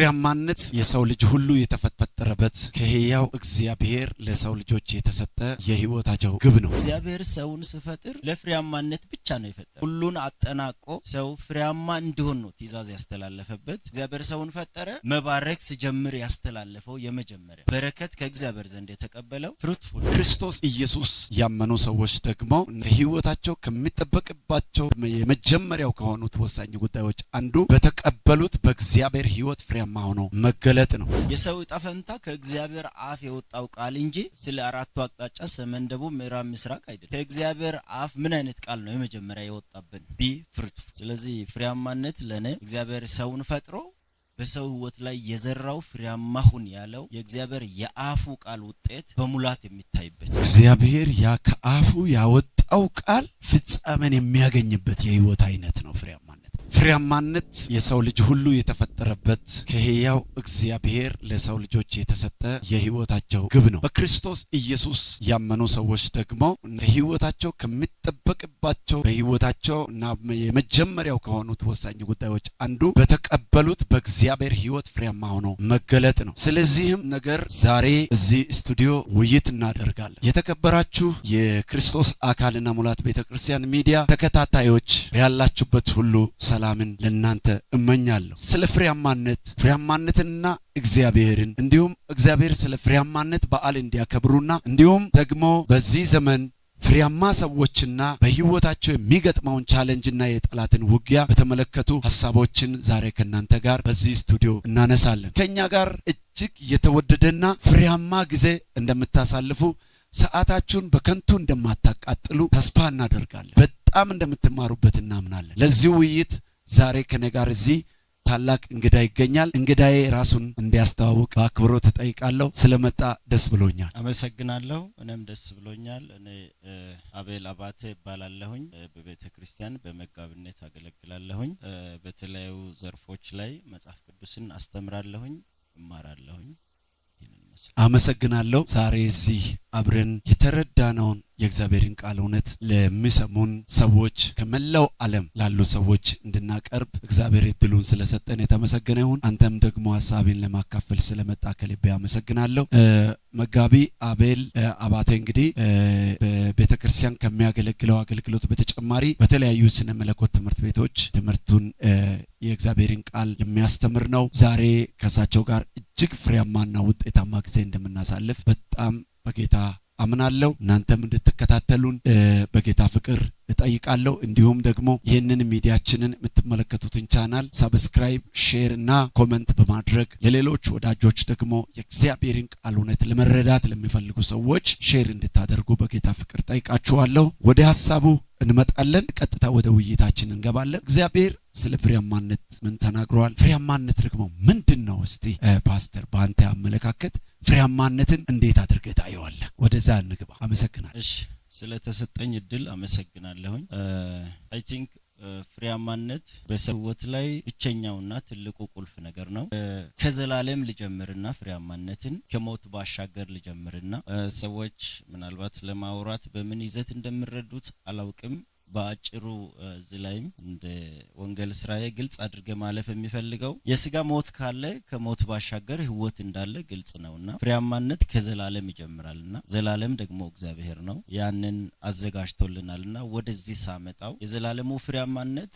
ፍሬያማነት የሰው ልጅ ሁሉ የተፈጠረበት ከህያው እግዚአብሔር ለሰው ልጆች የተሰጠ የህይወታቸው ግብ ነው። እግዚአብሔር ሰውን ስፈጥር ለፍሬያማነት ብቻ ነው የፈጠረ። ሁሉን አጠናቆ ሰው ፍሬያማ እንዲሆን ነው ትእዛዝ ያስተላለፈበት። እግዚአብሔር ሰውን ፈጠረ። መባረክ ስጀምር ያስተላለፈው የመጀመሪያ በረከት ከእግዚአብሔር ዘንድ የተቀበለው ፍሩትፉል ክርስቶስ ኢየሱስ ያመኑ ሰዎች ደግሞ ህይወታቸው ከሚጠበቅባቸው የመጀመሪያው ከሆኑት ወሳኝ ጉዳዮች አንዱ በተቀበሉት በእግዚአብሔር ህይወት ፍሬያ ውጤታማ ሆኖ መገለጥ ነው። የሰው ዕጣ ፈንታ ከእግዚአብሔር አፍ የወጣው ቃል እንጂ ስለ አራቱ አቅጣጫ ሰሜን፣ ደቡብ፣ ምዕራብ፣ ምስራቅ አይደለም። ከእግዚአብሔር አፍ ምን አይነት ቃል ነው የመጀመሪያ የወጣብን? ቢ ፍሩት። ስለዚህ ፍሬያማነት ለእኔ እግዚአብሔር ሰውን ፈጥሮ በሰው ህይወት ላይ የዘራው ፍሬያማ ሁን ያለው የእግዚአብሔር የአፉ ቃል ውጤት በሙላት የሚታይበት እግዚአብሔር ያ ከአፉ ያወጣው ቃል ፍጻሜን የሚያገኝበት የህይወት አይነት ነው ፍሬያማ ፍሬያማነት የሰው ልጅ ሁሉ የተፈጠረበት ከህያው እግዚአብሔር ለሰው ልጆች የተሰጠ የህይወታቸው ግብ ነው። በክርስቶስ ኢየሱስ ያመኑ ሰዎች ደግሞ ህይወታቸው ከሚጠበቅባቸው በህይወታቸው እና የመጀመሪያው ከሆኑት ወሳኝ ጉዳዮች አንዱ በተቀበሉት በእግዚአብሔር ህይወት ፍሬያማ ሆኖ መገለጥ ነው። ስለዚህም ነገር ዛሬ እዚህ ስቱዲዮ ውይይት እናደርጋለን። የተከበራችሁ የክርስቶስ አካልና ሙላት ቤተክርስቲያን ሚዲያ ተከታታዮች ያላችሁበት ሁሉ ሰላም ሰላምን ለእናንተ እመኛለሁ። ስለ ፍሬያማነት ፍሬያማነትንና እግዚአብሔርን እንዲሁም እግዚአብሔር ስለ ፍሬያማነት በዓል እንዲያከብሩና እንዲሁም ደግሞ በዚህ ዘመን ፍሬያማ ሰዎችና በሕይወታቸው የሚገጥመውን ቻለንጅና የጠላትን ውጊያ በተመለከቱ ሀሳቦችን ዛሬ ከእናንተ ጋር በዚህ ስቱዲዮ እናነሳለን። ከእኛ ጋር እጅግ የተወደደና ፍሬያማ ጊዜ እንደምታሳልፉ ሰዓታችሁን በከንቱ እንደማታቃጥሉ ተስፋ እናደርጋለን። በጣም እንደምትማሩበት እናምናለን። ለዚህ ውይይት ዛሬ ከኔ ጋር እዚህ ታላቅ እንግዳ ይገኛል። እንግዳዬ ራሱን እንዲያስተዋውቅ በአክብሮ ትጠይቃለሁ ስለመጣ ደስ ብሎኛል። አመሰግናለሁ። እኔም ደስ ብሎኛል። እኔ አቤል አባቴ እባላለሁኝ። በቤተ ክርስቲያን በመጋብነት አገለግላለሁኝ። በተለያዩ ዘርፎች ላይ መጽሐፍ ቅዱስን አስተምራለሁኝ፣ እማራለሁኝ። አመሰግናለሁ። ዛሬ እዚህ አብረን የተረዳነውን የእግዚአብሔርን ቃል እውነት ለሚሰሙን ሰዎች ከመላው ዓለም ላሉ ሰዎች እንድናቀርብ እግዚአብሔር እድሉን ስለሰጠን የተመሰገነ ይሁን። አንተም ደግሞ ሀሳቤን ለማካፈል ስለመጣ ከልቤ አመሰግናለሁ። መጋቢ አቤል አባቴ እንግዲህ በቤተ ክርስቲያን ከሚያገለግለው አገልግሎት በተጨማሪ በተለያዩ ስነ መለኮት ትምህርት ቤቶች ትምህርቱን የእግዚአብሔርን ቃል የሚያስተምር ነው። ዛሬ ከእሳቸው ጋር እጅግ ፍሬያማና ውጤታማ ጊዜ እንደምናሳልፍ በጣም በጌታ አምናለሁ። እናንተም እንድትከታተሉን በጌታ ፍቅር እጠይቃለሁ። እንዲሁም ደግሞ ይህንን ሚዲያችንን የምትመለከቱትን ቻናል ሰብስክራይብ፣ ሼር እና ኮመንት በማድረግ ለሌሎች ወዳጆች ደግሞ የእግዚአብሔርን ቃል እውነት ለመረዳት ለሚፈልጉ ሰዎች ሼር እንድታደርጉ በጌታ ፍቅር ጠይቃችኋለሁ። ወደ ሀሳቡ እንመጣለን። ቀጥታ ወደ ውይይታችን እንገባለን። እግዚአብሔር ስለ ፍሬያማነት ምን ተናግረዋል? ፍሬያማነት ደግሞ ምንድን ነው? እስቲ ፓስተር፣ በአንተ አመለካከት ፍሬያማነትን እንዴት አድርገህ ታየዋለህ? ወደዛ እንግባ። አመሰግናለሁ። እሺ፣ ስለተሰጠኝ እድል አመሰግናለሁኝ። አይ ቲንክ ፍሬያማነት በሰዎች ላይ ብቸኛውና ትልቁ ቁልፍ ነገር ነው። ከዘላለም ልጀምርና ፍሬያማነትን ከሞት ባሻገር ልጀምርና ሰዎች ምናልባት ለማውራት በምን ይዘት እንደምረዱት አላውቅም። በአጭሩ እዚህ ላይም እንደ ወንጌል ስራዬ ግልጽ አድርገ ማለፍ የሚፈልገው የስጋ ሞት ካለ ከሞት ባሻገር ህይወት እንዳለ ግልጽ ነው እና ፍሬያማነት ከዘላለም ይጀምራል ዘላለም ደግሞ እግዚአብሔር ነው። ያንን አዘጋጅቶልናል እና ወደዚህ ሳመጣው የዘላለሙ ፍሬያማነት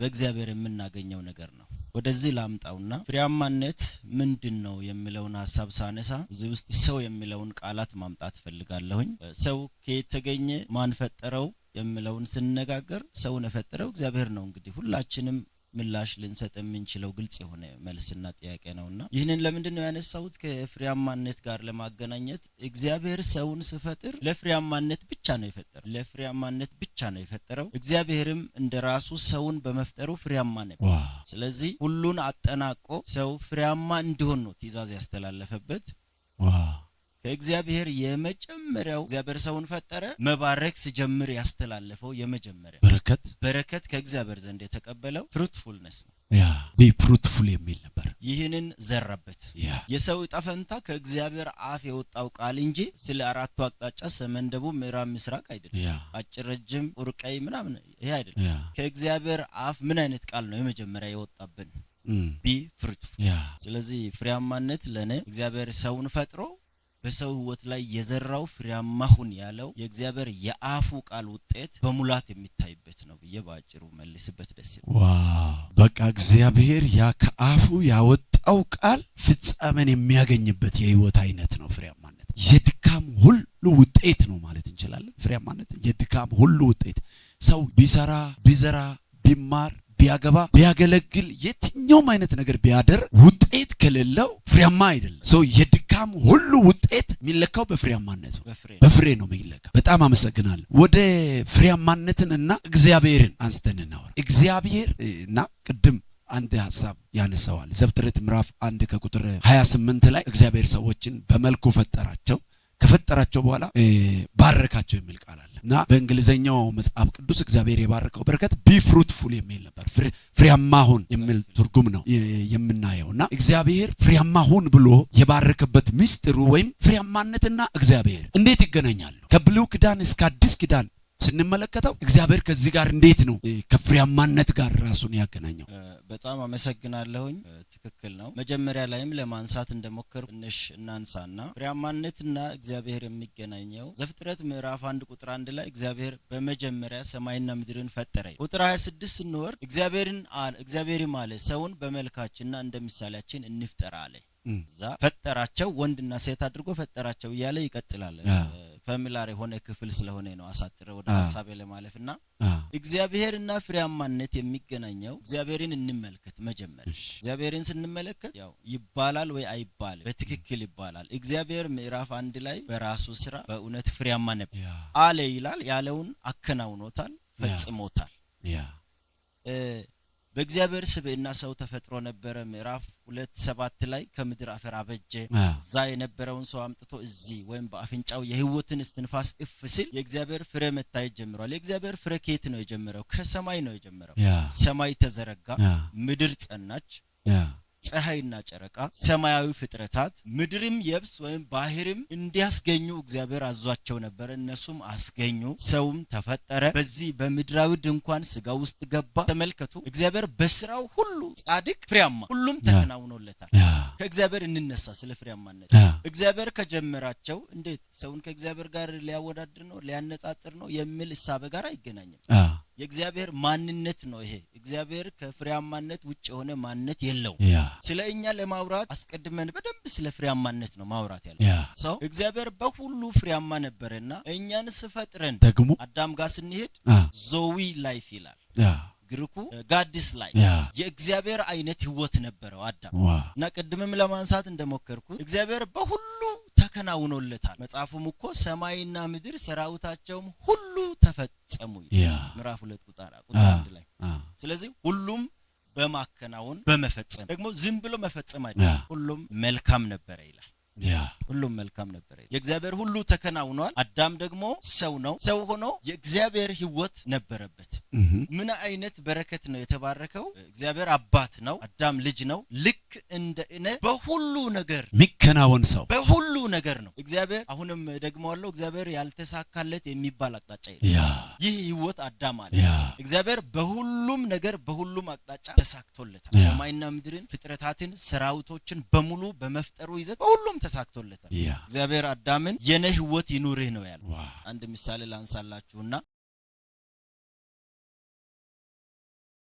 በእግዚአብሔር የምናገኘው ነገር ነው። ወደዚህ ላምጣውና ፍሬያማነት ምንድን ነው የሚለውን ሀሳብ ሳነሳ እዚህ ውስጥ ሰው የሚለውን ቃላት ማምጣት ፈልጋለሁኝ። ሰው ከየት ተገኘ? ማን ፈጠረው? የምለውን ስንነጋገር ሰውን የፈጠረው እግዚአብሔር ነው። እንግዲህ ሁላችንም ምላሽ ልንሰጥ የምንችለው ግልጽ የሆነ መልስና ጥያቄ ነውና ይህንን ለምንድን ነው ያነሳሁት? ከፍሬያማነት ጋር ለማገናኘት እግዚአብሔር ሰውን ስፈጥር ለፍሬያማነት ብቻ ነው የፈጠረው። ለፍሬያማነት ብቻ ነው የፈጠረው። እግዚአብሔርም እንደ ራሱ ሰውን በመፍጠሩ ፍሬያማ ነበር። ስለዚህ ሁሉን አጠናቆ ሰው ፍሬያማ እንዲሆን ነው ትእዛዝ ያስተላለፈበት። ከእግዚአብሔር የመጀመሪያው እግዚአብሔር ሰውን ፈጠረ መባረክ ሲጀምር ያስተላለፈው የመጀመሪያ በረከት በረከት ከእግዚአብሔር ዘንድ የተቀበለው ፍሩትፉልነስ ነው። ያ ቢ ፍሩትፉል የሚል ነበር። ይህንን ዘራበት። የሰው ዕጣ ፈንታ ከእግዚአብሔር አፍ የወጣው ቃል እንጂ ስለ አራቱ አቅጣጫ ሰሜን፣ ደቡብ፣ ምዕራብ፣ ምስራቅ አይደለም። አጭር፣ ረጅም፣ ጥቁር፣ ምናምን ይሄ አይደለም። ከእግዚአብሔር አፍ ምን አይነት ቃል ነው የመጀመሪያ የወጣብን? ቢ ፍሩትፉል። ስለዚህ ፍሬያማነት ለእኔ እግዚአብሔር ሰውን ፈጥሮ በሰው ህይወት ላይ የዘራው ፍሬያማ ሁን ያለው የእግዚአብሔር የአፉ ቃል ውጤት በሙላት የሚታይበት ነው ብዬ በአጭሩ መልስበት ደስ ይላል። ዋው በቃ እግዚአብሔር ያ ከአፉ ያወጣው ቃል ፍጻሜን የሚያገኝበት የህይወት አይነት ነው ፍሬያማነት። የድካም ሁሉ ውጤት ነው ማለት እንችላለን። ፍሬያማነት የድካም ሁሉ ውጤት ሰው ቢሰራ ቢዘራ ቢማር ቢያገባ ቢያገለግል የትኛውም አይነት ነገር ቢያደርግ ውጤት ከሌለው ፍሬያማ አይደለም። ሰው የድካም ሁሉ ውጤት የሚለካው በፍሬያማነት በፍሬ ነው የሚለካው። በጣም አመሰግናለሁ። ወደ ፍሬያማነትን እና እግዚአብሔርን አንስተን እናወራ። እግዚአብሔር እና ቅድም አንድ ሀሳብ ያነሰዋል። ዘፍጥረት ምዕራፍ አንድ ከቁጥር 28 ላይ እግዚአብሔር ሰዎችን በመልኩ ፈጠራቸው ከፈጠራቸው በኋላ ባረካቸው የሚል ቃል አለ እና በእንግሊዘኛው መጽሐፍ ቅዱስ እግዚአብሔር የባረከው በረከት ፍሩትፉል የሚል ነበር። ፍሬያማ ሁን የሚል ትርጉም ነው የምናየው እና እግዚአብሔር ፍሬያማ ሁን ብሎ የባረከበት ምስጢሩ ወይም ፍሬያማነትና እግዚአብሔር እንዴት ይገናኛሉ? ከብሉይ ኪዳን እስከ አዲስ ኪዳን ስንመለከተው እግዚአብሔር ከዚህ ጋር እንዴት ነው ከፍሬያማነት ጋር ራሱን ያገናኘው? በጣም አመሰግናለሁኝ። ትክክል ነው። መጀመሪያ ላይም ለማንሳት እንደሞከር ትንሽ እናንሳና ፍሬያማነትና እግዚአብሔር የሚገናኘው ዘፍጥረት ምዕራፍ አንድ ቁጥር አንድ ላይ እግዚአብሔር በመጀመሪያ ሰማይና ምድርን ፈጠረ። ቁጥር 26 ስንወርድ እግዚአብሔርም አለ ሰውን በመልካችንና እንደ ምሳሌያችን እንፍጠር አለ። እዛ ፈጠራቸው ወንድና ሴት አድርጎ ፈጠራቸው እያለ ይቀጥላል። ፈሚላር የሆነ ክፍል ስለሆነ ነው አሳጥረ ወደ ሀሳቤ ለማለፍ እና እግዚአብሔርና ፍሬያማነት የሚገናኘው እግዚአብሔርን እንመልከት። መጀመር እግዚአብሔርን ስንመለከት ያው ይባላል ወይ አይባልም? በትክክል ይባላል። እግዚአብሔር ምዕራፍ አንድ ላይ በራሱ ስራ በእውነት ፍሬያማ ነበር አለ ይላል። ያለውን አከናውኖታል፣ ፈጽሞታል። በእግዚአብሔር ስብዕና ሰው ተፈጥሮ ነበረ። ምዕራፍ ሁለት ሰባት ላይ ከምድር አፈር አበጀ። እዛ የነበረውን ሰው አምጥቶ እዚህ ወይም በአፍንጫው የህይወትን እስትንፋስ እፍ ሲል የእግዚአብሔር ፍሬ መታየት ጀምሯል። የእግዚአብሔር ፍሬ ከየት ነው የጀመረው? ከሰማይ ነው የጀመረው። ሰማይ ተዘረጋ፣ ምድር ጸናች። ፀሐይና ጨረቃ፣ ሰማያዊ ፍጥረታት፣ ምድርም የብስ ወይም ባህርም እንዲያስገኙ እግዚአብሔር አዟቸው ነበረ። እነሱም አስገኙ። ሰውም ተፈጠረ። በዚህ በምድራዊ ድንኳን ስጋ ውስጥ ገባ። ተመልከቱ፣ እግዚአብሔር በስራው ሁሉ ጻድቅ፣ ፍሬያማ፣ ሁሉም ተከናውኖለታል። ከእግዚአብሔር እንነሳ ስለ ፍሬያማነት እግዚአብሔር ከጀመራቸው እንዴት ሰውን ከእግዚአብሔር ጋር ሊያወዳድር ነው ሊያነጻጽር ነው የሚል እሳቤ ጋር አይገናኝም። የእግዚአብሔር ማንነት ነው ይሄ። እግዚአብሔር ከፍሬያማነት ውጭ የሆነ ማንነት የለው። ስለ እኛ ለማውራት አስቀድመን በደንብ ስለ ፍሬያማነት ነው ማውራት ያለው ሰው እግዚአብሔር በሁሉ ፍሬያማ ነበረና እኛን ስፈጥረን ደግሞ አዳም ጋር ስንሄድ ዞዊ ላይፍ ይላል ግሪኩ ጋዲስ ላይ የእግዚአብሔር አይነት ህይወት ነበረው አዳም እና ቅድምም ለማንሳት እንደሞከርኩት እግዚአብሔር በሁሉ አከናውኖለታል። መጽሐፉም እኮ ሰማይና ምድር ሰራዊታቸውም ሁሉ ተፈጸሙ ምዕራፍ ሁለት ቁጥር አንድ ላይ። ስለዚህ ሁሉም በማከናወን በመፈጸም ደግሞ ዝም ብሎ መፈጸም አይደለም፣ ሁሉም መልካም ነበረ ይላል። ሁሉም መልካም ነበር። የእግዚአብሔር ሁሉ ተከናውኗል። አዳም ደግሞ ሰው ነው። ሰው ሆኖ የእግዚአብሔር ሕይወት ነበረበት። ምን አይነት በረከት ነው የተባረከው! እግዚአብሔር አባት ነው፣ አዳም ልጅ ነው። ልክ እንደ እኔ በሁሉ ነገር የሚከናወን ሰው በሁሉ ነገር ነው እግዚአብሔር። አሁንም ደግሞ አለው እግዚአብሔር ያልተሳካለት የሚባል አቅጣጫ የለም። ይህ ሕይወት አዳም አለ። እግዚአብሔር በሁሉም ነገር በሁሉም አቅጣጫ ተሳክቶለታል። ሰማይና ምድርን፣ ፍጥረታትን፣ ሰራዊቶችን በሙሉ በመፍጠሩ ይዘት በሁሉም ተሳክቶለታል። እግዚአብሔር አዳምን የነ ህይወት ይኑርህ ነው ያለው። አንድ ምሳሌ ላንሳላችሁና